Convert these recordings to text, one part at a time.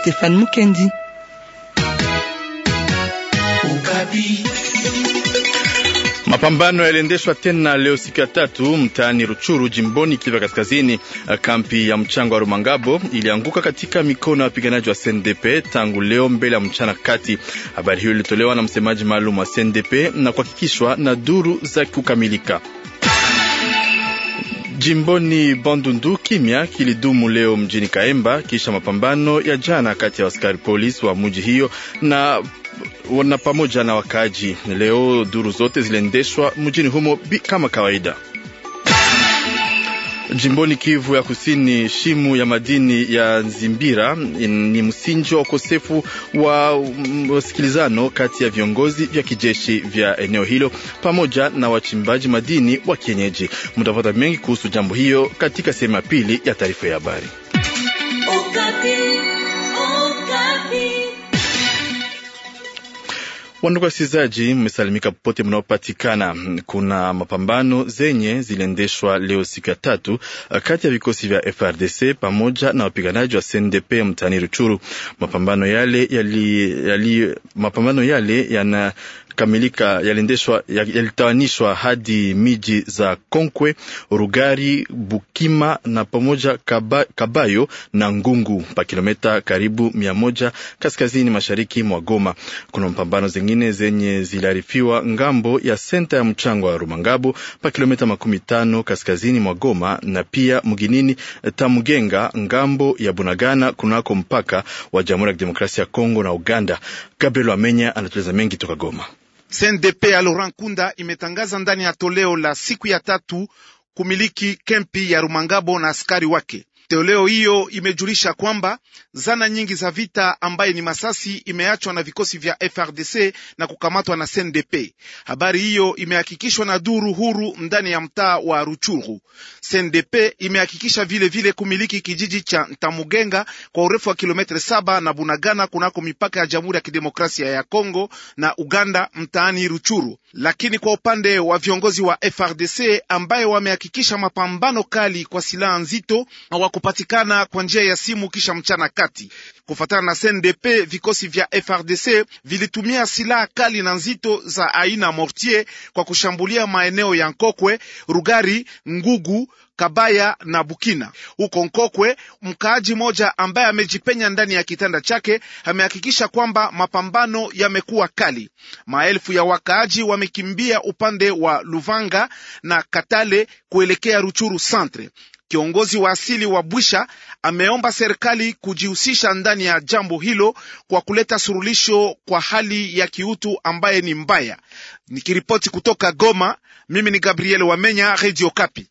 Stéphane Mukendi. Mapambano yaliendeshwa tena leo siku ya tatu mtaani Ruchuru jimboni Kivu Kaskazini. Kampi ya mchango wa Rumangabo ilianguka katika mikono ya wapiganaji wa CNDP tangu leo mbele ya mchana kati. Habari hiyo ilitolewa na msemaji maalum wa CNDP na kuhakikishwa na duru za kukamilika. Jimboni Bandundu, kimya kilidumu leo mjini Kaemba kisha mapambano ya jana kati ya askari polisi wa mji hiyo na na pamoja na wakaaji. Leo duru zote ziliendeshwa mjini humo kama kawaida. Jimboni Kivu ya Kusini, shimu ya madini ya Zimbira ni msingi wa ukosefu wa usikilizano kati ya viongozi vya kijeshi vya eneo hilo pamoja na wachimbaji madini wa kienyeji. Mtapata mengi kuhusu jambo hiyo katika sehemu ya pili ya taarifa ya habari. Wandugu wasikilizaji, mmesalimika popote mnaopatikana. Kuna mapambano zenye ziliendeshwa leo siku ya tatu eh, kati ya vikosi vya FRDC pamoja na wapiganaji wa CNDP mtaani Ruchuru. Mapambano yale yali, yali, mapambano yale yana kamilika yaliendeshwa yalitawanishwa hadi miji za Konkwe, Rugari, Bukima na pamoja Kaba, Kabayo na Ngungu pa kilomita karibu mia moja kaskazini mashariki mwa Goma. Kuna mpambano zingine zenye ziliarifiwa ngambo ya senta ya mchango wa Rumangabo pa kilomita makumi tano kaskazini mwa Goma na pia mginini Tamugenga ngambo ya Bunagana kunako mpaka wa Jamhuri ya Kidemokrasia ya Kongo na Uganda. Gabriel Amenya anatueleza mengi toka Goma. CNDP ya Laurent Kunda imetangaza ndani ya toleo la siku ya tatu kumiliki kempi ya Rumangabo na askari wake. Toleo hiyo imejulisha kwamba zana nyingi za vita ambaye ni masasi imeachwa na vikosi vya FRDC na kukamatwa na CNDP. Habari hiyo imehakikishwa na duru huru ndani ya mtaa wa Ruchuru. CNDP imehakikisha vilevile kumiliki kijiji cha Ntamugenga kwa urefu wa kilometre saba na Bunagana kunako mipaka ya Jamhuri ya Kidemokrasia ya Kongo na Uganda mtaani Ruchuru. Lakini kwa upande wa viongozi wa FRDC ambaye wamehakikisha mapambano kali kwa silaha nzito na kupatikana kwa njia ya simu kisha mchana kati. Kufuatana na CNDP, vikosi vya FRDC vilitumia silaha kali na nzito za aina mortier kwa kushambulia maeneo ya Nkokwe, Rugari, Ngugu, Kabaya na Bukina. Huko Nkokwe, mkaaji mmoja ambaye amejipenya ndani ya kitanda chake amehakikisha kwamba mapambano yamekuwa kali. Maelfu ya wakaaji wamekimbia upande wa Luvanga na Katale kuelekea Ruchuru Centre. Kiongozi wa asili wa Bwisha ameomba serikali kujihusisha ndani ya jambo hilo kwa kuleta surulisho kwa hali ya kiutu ambaye ni mbaya. Nikiripoti kutoka Goma, mimi ni Gabriel Wamenya, Radio Kapi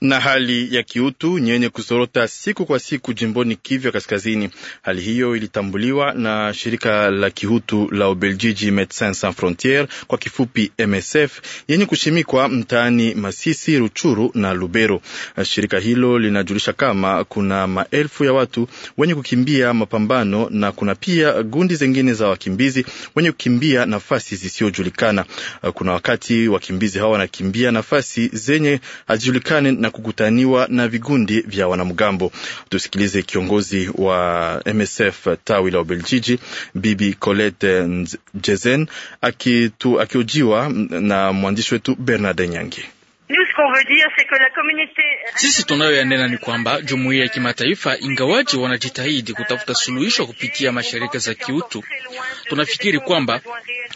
na hali ya kiutu yenye kuzorota siku kwa siku jimboni kivya Kaskazini. Hali hiyo ilitambuliwa na shirika la kihutu la Ubeljiji Medecins Sans Frontieres, kwa kifupi MSF, yenye kushimikwa mtaani Masisi, Ruchuru na Lubero. Shirika hilo linajulisha kama kuna maelfu ya watu wenye kukimbia mapambano na kuna pia gundi zengine za wakimbizi wenye kukimbia nafasi zisiyojulikana Kuna wakati wakimbizi hawa wanakimbia nafasi zenye hazijulikana Marekani na kukutaniwa na vigundi vya wanamgambo. Tusikilize kiongozi wa MSF tawi la Ubeljiji, Bibi Colette Jezen akiojiwa aki na mwandishi wetu Bernard Nyangi. Sisi euh, tunayoyanena ni kwamba jumuiya ya kimataifa, ingawaji wanajitahidi kutafuta suluhisho kupitia mashirika za kiutu, tunafikiri kwamba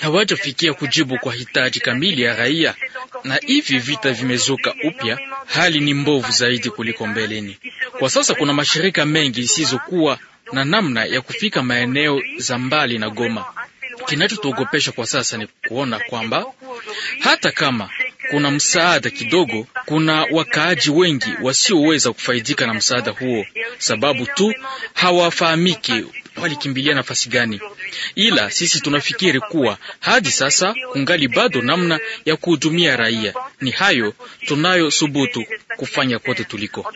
hawajafikia kujibu kwa hitaji kamili ya raia, na hivi vita vimezuka upya, hali ni mbovu zaidi kuliko mbeleni. Kwa sasa kuna mashirika mengi isizokuwa na namna ya kufika maeneo za mbali na Goma. Kinachotuogopesha kwa sasa ni kuona kwamba hata kama kuna msaada kidogo, kuna wakaaji wengi wasioweza kufaidika na msaada huo, sababu tu hawafahamiki walikimbilia nafasi gani. Ila sisi tunafikiri kuwa hadi sasa kungali bado namna ya kuhudumia raia. Ni hayo tunayo subutu kufanya kote tuliko.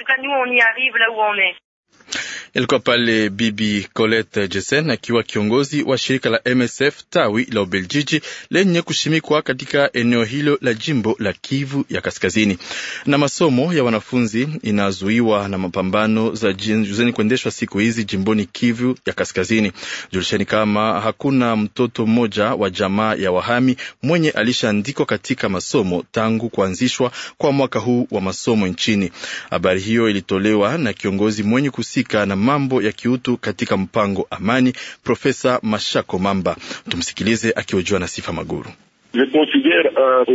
Ilikuwa pale Bibi Colette Jesen akiwa kiongozi wa shirika la MSF tawi la Ubeljiji lenye kushimikwa katika eneo hilo la jimbo la Kivu ya Kaskazini. Na masomo ya wanafunzi inazuiwa na mapambano za zeni kuendeshwa siku hizi jimboni Kivu ya Kaskazini. Julisheni kama hakuna mtoto mmoja wa jamaa ya wahami mwenye alishaandikwa katika masomo tangu kuanzishwa kwa mwaka huu wa masomo nchini. Habari hiyo ilitolewa na kiongozi mwenye kusika anayehusika na mambo ya kiutu katika mpango amani, Profesa Mashako Mamba. Tumsikilize akiojua na Sifa Maguru. Euh,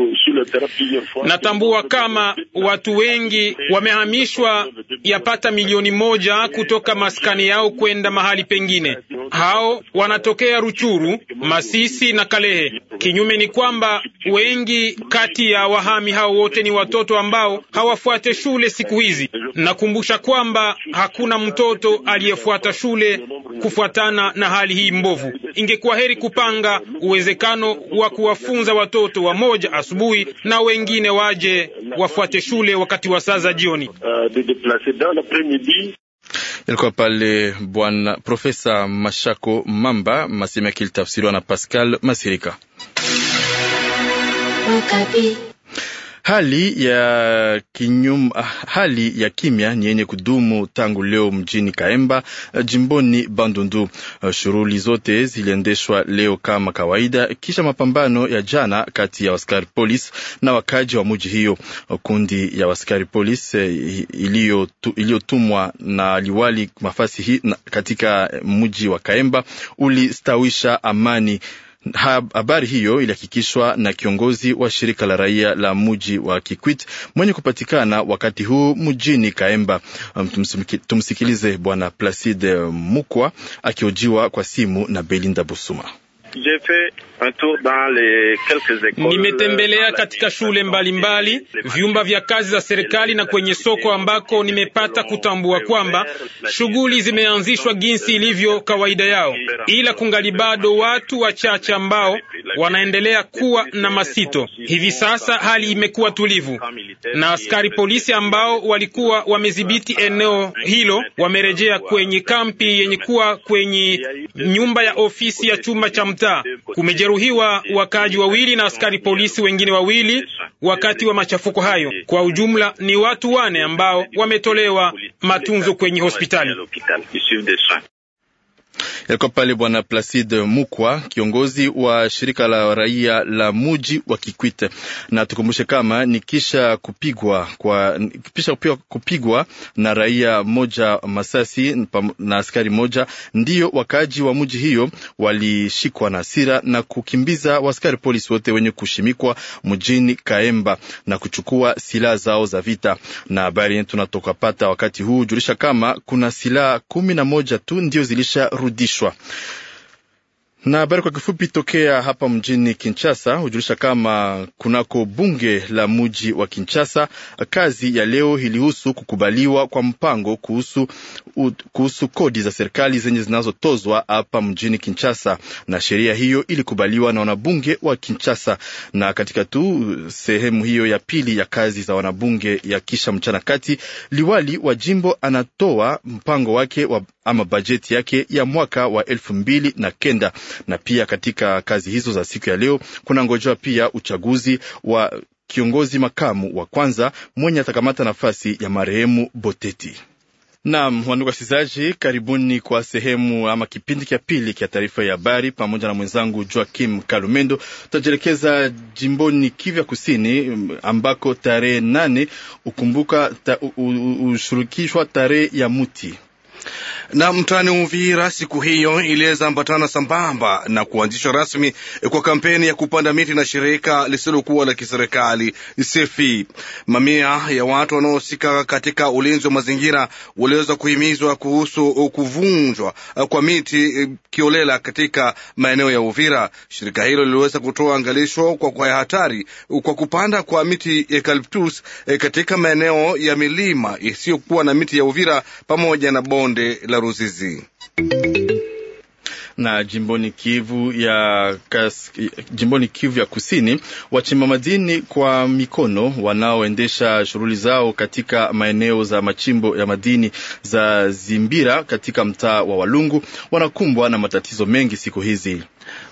Natambua kama watu wengi wamehamishwa yapata milioni moja kutoka maskani yao kwenda mahali pengine. Hao wanatokea Ruchuru, Masisi na Kalehe. Kinyume ni kwamba wengi kati ya wahami hao wote ni watoto ambao hawafuate shule siku hizi. Nakumbusha kwamba hakuna mtoto aliyefuata shule kufuatana na hali hii mbovu. Ingekuwa heri kupanga uwezekano wa kuwafunza kufunza watoto wamoja asubuhi na wengine waje wafuate shule wakati wa saa za jioni. Ilikuwa pale bwana Profesa Mashako Mamba maseme akilitafsiriwa na Pascal Masirika Hali ya kinyum, ah, hali ya kimya ni yenye kudumu tangu leo mjini Kaemba eh, jimboni Bandundu. Eh, shughuli zote ziliendeshwa leo kama kawaida, kisha mapambano ya jana kati ya waskari polisi na wakaji wa muji hiyo. Eh, kundi ya waskari polisi iliyotumwa na liwali mafasi hii katika mji wa Kaemba ulistawisha amani. Habari hiyo ilihakikishwa na kiongozi wa shirika la raia la muji wa Kikwit mwenye kupatikana wakati huu mjini Kaemba. Um, tumsikilize Bwana Placide Mukwa akiojiwa kwa simu na Belinda Busuma. Nimetembelea katika shule mbalimbali mbali, vyumba vya kazi za serikali na kwenye soko ambako nimepata kutambua kwamba shughuli zimeanzishwa jinsi ilivyo kawaida yao, ila kungali bado watu wachache ambao wanaendelea kuwa na masito. Hivi sasa hali imekuwa tulivu, na askari polisi ambao walikuwa wamedhibiti eneo hilo wamerejea kwenye kampi yenye kuwa kwenye nyumba ya ofisi ya chumba cha sita kumejeruhiwa wakaaji wawili na askari polisi wengine wawili wakati wa machafuko hayo. Kwa ujumla ni watu wane ambao wametolewa matunzo kwenye hospitali. Yalikuwa pale Bwana Placide Mukwa, kiongozi wa shirika la raia la muji wa Kikwite, na tukumbushe kama ni kisha kupigwa, kwa, kisha kupigwa na raia moja masasi na askari moja, ndio wakaaji wa muji hiyo walishikwa na asira na kukimbiza waskari polisi wote wenye kushimikwa mjini Kaemba na kuchukua silaha zao za vita. Na habari tunatokapata wakati huu julisha kama kuna silaha kumi na moja tu ndio zilisha kurudishwa na habari kwa kifupi tokea hapa mjini Kinshasa hujulisha kama kunako bunge la mji wa Kinshasa, kazi ya leo ilihusu kukubaliwa kwa mpango kuhusu, kuhusu kodi za serikali zenye zinazotozwa hapa mjini Kinshasa, na sheria hiyo ilikubaliwa na wanabunge wa Kinshasa. Na katika tu sehemu hiyo ya pili ya kazi za wanabunge ya kisha mchana kati, liwali wa jimbo anatoa mpango wake wa ama bajeti yake ya mwaka wa elfu mbili na kenda. Na pia katika kazi hizo za siku ya leo kuna pia uchaguzi wa kiongozi makamu wa kwanza mwenye atakamata nafasi ya marehemu Boteti. Naam, wandugu wasikilizaji, karibuni kwa sehemu ama kipindi cha pili cha taarifa ya habari pamoja na mwenzangu Joakim Kalumendo. Tutajielekeza jimboni Kivya Kusini mm, ambako tarehe nane ukumbuka ta, ushurukishwa tarehe ya muti na mtaani Uvira siku hiyo iliweza ambatana sambamba na kuanzishwa rasmi kwa kampeni ya kupanda miti na shirika lisilokuwa la kiserikali Sefi. Mamia ya watu wanaohusika katika ulinzi wa mazingira waliweza kuhimizwa kuhusu kuvunjwa kwa miti eh, kiolela katika maeneo ya Uvira. Shirika hilo liliweza kutoa angalisho kwa, kwa hatari kwa kupanda kwa miti eucalyptus eh, eh, katika maeneo ya milima isiyokuwa na miti ya Uvira pamoja na bonde la Ruzizi na jimboni Kivu ya, kas, jimboni Kivu ya kusini wachimba madini kwa mikono wanaoendesha shughuli zao katika maeneo za machimbo ya madini za Zimbira katika mtaa wa Walungu wanakumbwa na matatizo mengi siku hizi.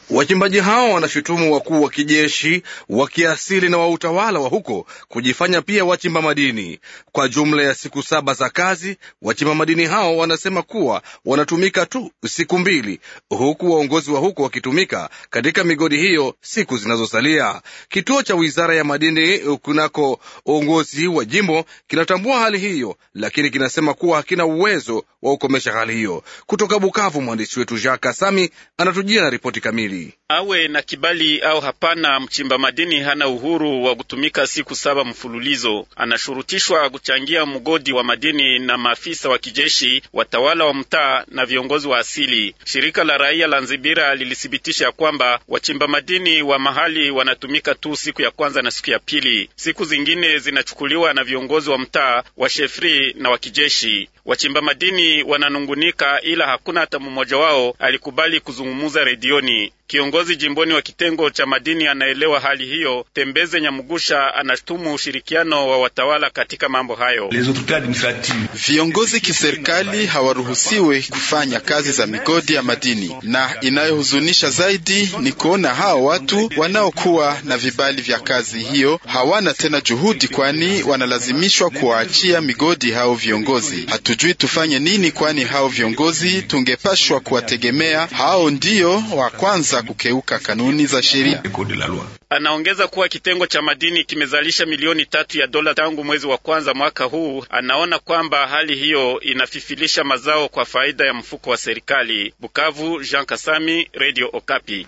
Wachimbaji hao wanashutumu wakuu wa kijeshi wa kiasili na wa utawala wa huko kujifanya pia wachimba madini. Kwa jumla ya siku saba za kazi, wachimba madini hao wanasema kuwa wanatumika tu siku mbili, huku waongozi wa huko wakitumika katika migodi hiyo siku zinazosalia. Kituo cha wizara ya madini kunako uongozi wa jimbo kinatambua hali hiyo, lakini kinasema kuwa hakina uwezo wa kukomesha hali hiyo. Kutoka Bukavu, mwandishi wetu Jacques Kasami anatujia na ripoti kamili madini. Awe na kibali au hapana, mchimba madini hana uhuru wa kutumika siku saba mfululizo. Anashurutishwa kuchangia mgodi wa madini na maafisa wa kijeshi, watawala wa mtaa na viongozi wa asili. Shirika la raia la Nzibira lilithibitisha kwamba wachimba madini wa mahali wanatumika tu siku ya kwanza na siku ya pili, siku zingine zinachukuliwa na viongozi wa mtaa wa shefri na wa kijeshi. Wachimba madini wananungunika, ila hakuna hata mmoja wao alikubali kuzungumuza redioni. Kiongozi jimboni wa kitengo cha madini anaelewa hali hiyo. Tembeze Nyamugusha anashtumu ushirikiano wa watawala katika mambo hayo. Viongozi kiserikali hawaruhusiwe kufanya kazi za migodi ya madini, na inayohuzunisha zaidi ni kuona hao watu wanaokuwa na vibali vya kazi hiyo hawana tena juhudi, kwani wanalazimishwa kuwaachia migodi hao viongozi Hatu Hatujui tufanye nini, kwani hao viongozi tungepashwa kuwategemea. Hao ndio wa kwanza kukeuka kanuni za sheria. Anaongeza kuwa kitengo cha madini kimezalisha milioni tatu ya dola tangu mwezi wa kwanza mwaka huu. Anaona kwamba hali hiyo inafifilisha mazao kwa faida ya mfuko wa serikali. Bukavu, Jean Kasami, Radio Okapi.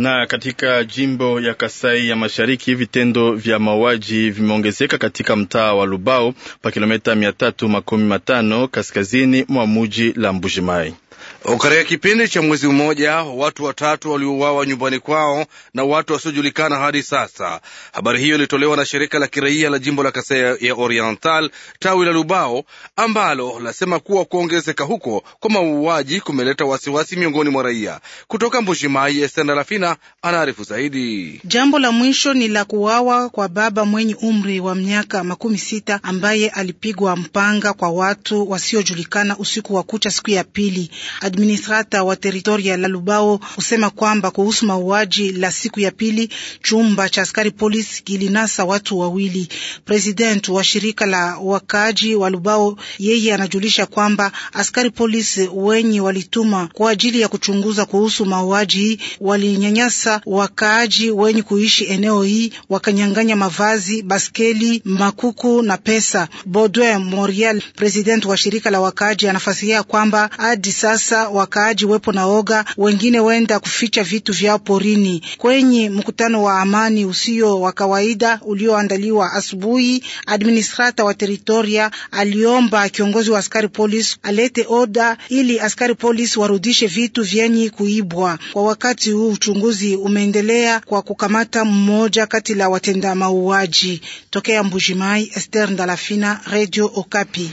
Na katika jimbo ya Kasai ya Mashariki vitendo vya mauaji vimeongezeka katika mtaa wa Lubao pa kilometa mia tatu makumi matano kaskazini mwa muji la Mbujimai. Katika kipindi cha mwezi mmoja watu watatu waliouawa nyumbani kwao na watu wasiojulikana hadi sasa. Habari hiyo ilitolewa na shirika la kiraia la jimbo la Kasai ya Oriental tawi la Lubao, ambalo lasema kuwa kuongezeka huko kwa mauaji kumeleta wasiwasi miongoni mwa raia. Kutoka Mbushimai, Estenda Lafina anaarifu zaidi. Jambo la mwisho ni la kuuawa kwa baba mwenye umri wa miaka makumi sita ambaye alipigwa mpanga kwa watu wasiojulikana usiku wa kucha siku ya pili administrata wa teritoria la Lubao kusema kwamba kuhusu mauaji la siku ya pili, chumba cha askari polisi kilinasa watu wawili. President wa shirika la wakaaji wa Lubao, yeye anajulisha kwamba askari polisi wenye walituma kwa ajili ya kuchunguza kuhusu mauaji walinyanyasa wakaaji wenye kuishi eneo hii, wakanyang'anya mavazi, baskeli, makuku na pesa. Baudouin Morial, president wa shirika la wakaaji, anafasiria kwamba hadi sasa wakaaji wepo na oga, wengine wenda kuficha vitu vyao porini. Kwenye mkutano wa amani usio wa kawaida ulioandaliwa asubuhi, administrata wa teritoria aliomba kiongozi wa askari polisi alete oda ili askari polisi warudishe vitu vyenye kuibwa. Kwa wakati huu uchunguzi umeendelea kwa kukamata mmoja kati la watenda mauaji tokea Mbujimai. Esther Ndalafina, Radio Okapi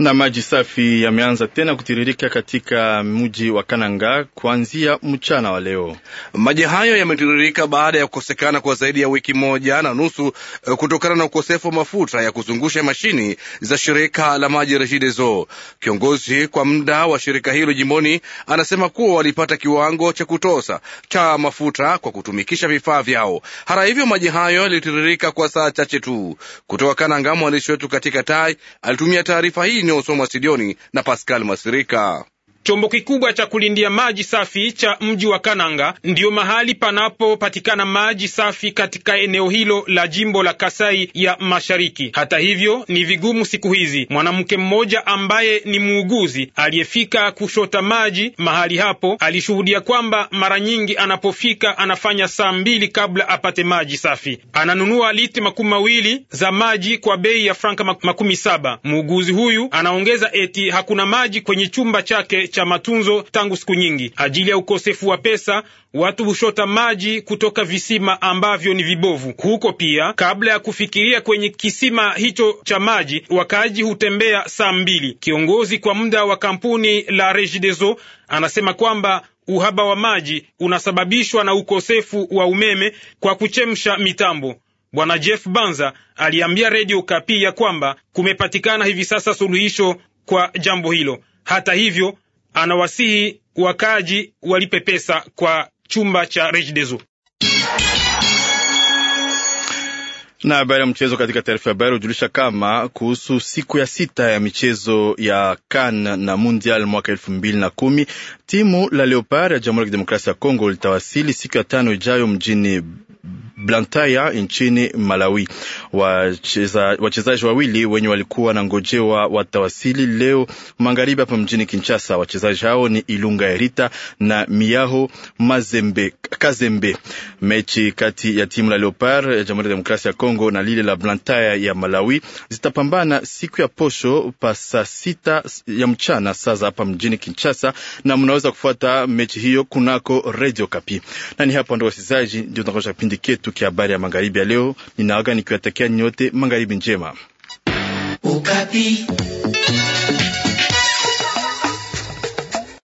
na maji safi yameanza tena kutiririka katika mji wa Kananga kuanzia mchana wa leo. Maji hayo yametiririka baada ya kukosekana kwa zaidi ya wiki moja na nusu eh, kutokana na ukosefu wa mafuta ya kuzungusha mashini za shirika la maji Regideso. Kiongozi kwa muda wa shirika hilo jimboni anasema kuwa walipata kiwango cha kutosha cha mafuta kwa kutumikisha vifaa vyao. Hata hivyo, maji hayo yalitiririka kwa saa chache tu. Kutoka Kananga, mwandishi wetu katika Tai alitumia taarifa hii Nyoso studioni na Pascal Masirika. Chombo kikubwa cha kulindia maji safi cha mji wa Kananga ndiyo mahali panapopatikana maji safi katika eneo hilo la jimbo la Kasai ya Mashariki. Hata hivyo, ni vigumu siku hizi. Mwanamke mmoja ambaye ni muuguzi aliyefika kushota maji mahali hapo alishuhudia kwamba mara nyingi anapofika anafanya saa mbili kabla apate maji safi. Ananunua liti makumi mawili za maji kwa bei ya franka makumi saba. Muuguzi huyu anaongeza eti hakuna maji kwenye chumba chake cha matunzo tangu siku nyingi. Ajili ya ukosefu wa pesa, watu hushota maji kutoka visima ambavyo ni vibovu. Huko pia, kabla ya kufikiria kwenye kisima hicho cha maji, wakaaji hutembea saa mbili. Kiongozi kwa muda wa kampuni la Regideso anasema kwamba uhaba wa maji unasababishwa na ukosefu wa umeme kwa kuchemsha mitambo. Bwana Jeff Banza aliambia redio Kapi ya kwamba kumepatikana hivi sasa suluhisho kwa jambo hilo. Hata hivyo anawasihi wakaaji walipe pesa kwa chumba cha Rejidezo. Na habari ya mchezo katika taarifa ya habari hujulisha kama kuhusu siku ya sita ya michezo ya CAN na Mundial mwaka elfu mbili na kumi timu la Leopard ya Jamhuri ya Kidemokrasia ya Kongo litawasili siku ya tano ijayo mjini Blantaya nchini Malawi. Wachezaji wawili wenye walikuwa na ngojewa watawasili leo magharibi hapa mjini Kinshasa. Wachezaji hao ni Ilunga Erita na Miaho Mazembe, Kazembe. Mechi kati ya timu la Leopard ya eh, Jamhuri ya Demokrasia ya Kongo na lile la Blantaya ya Malawi zitapambana siku ya posho pa saa sita ya mchana saa za hapa mjini Kinshasa, na mnaweza kufuata mechi hiyo kunako Radio Kapi. Na ni hapo ndio wachezaji ndio tunakosha kipindi ketu chetu kia habari ya magharibi ya leo. Ninaaga nikiwatakia nyote magharibi njema. Ukapi.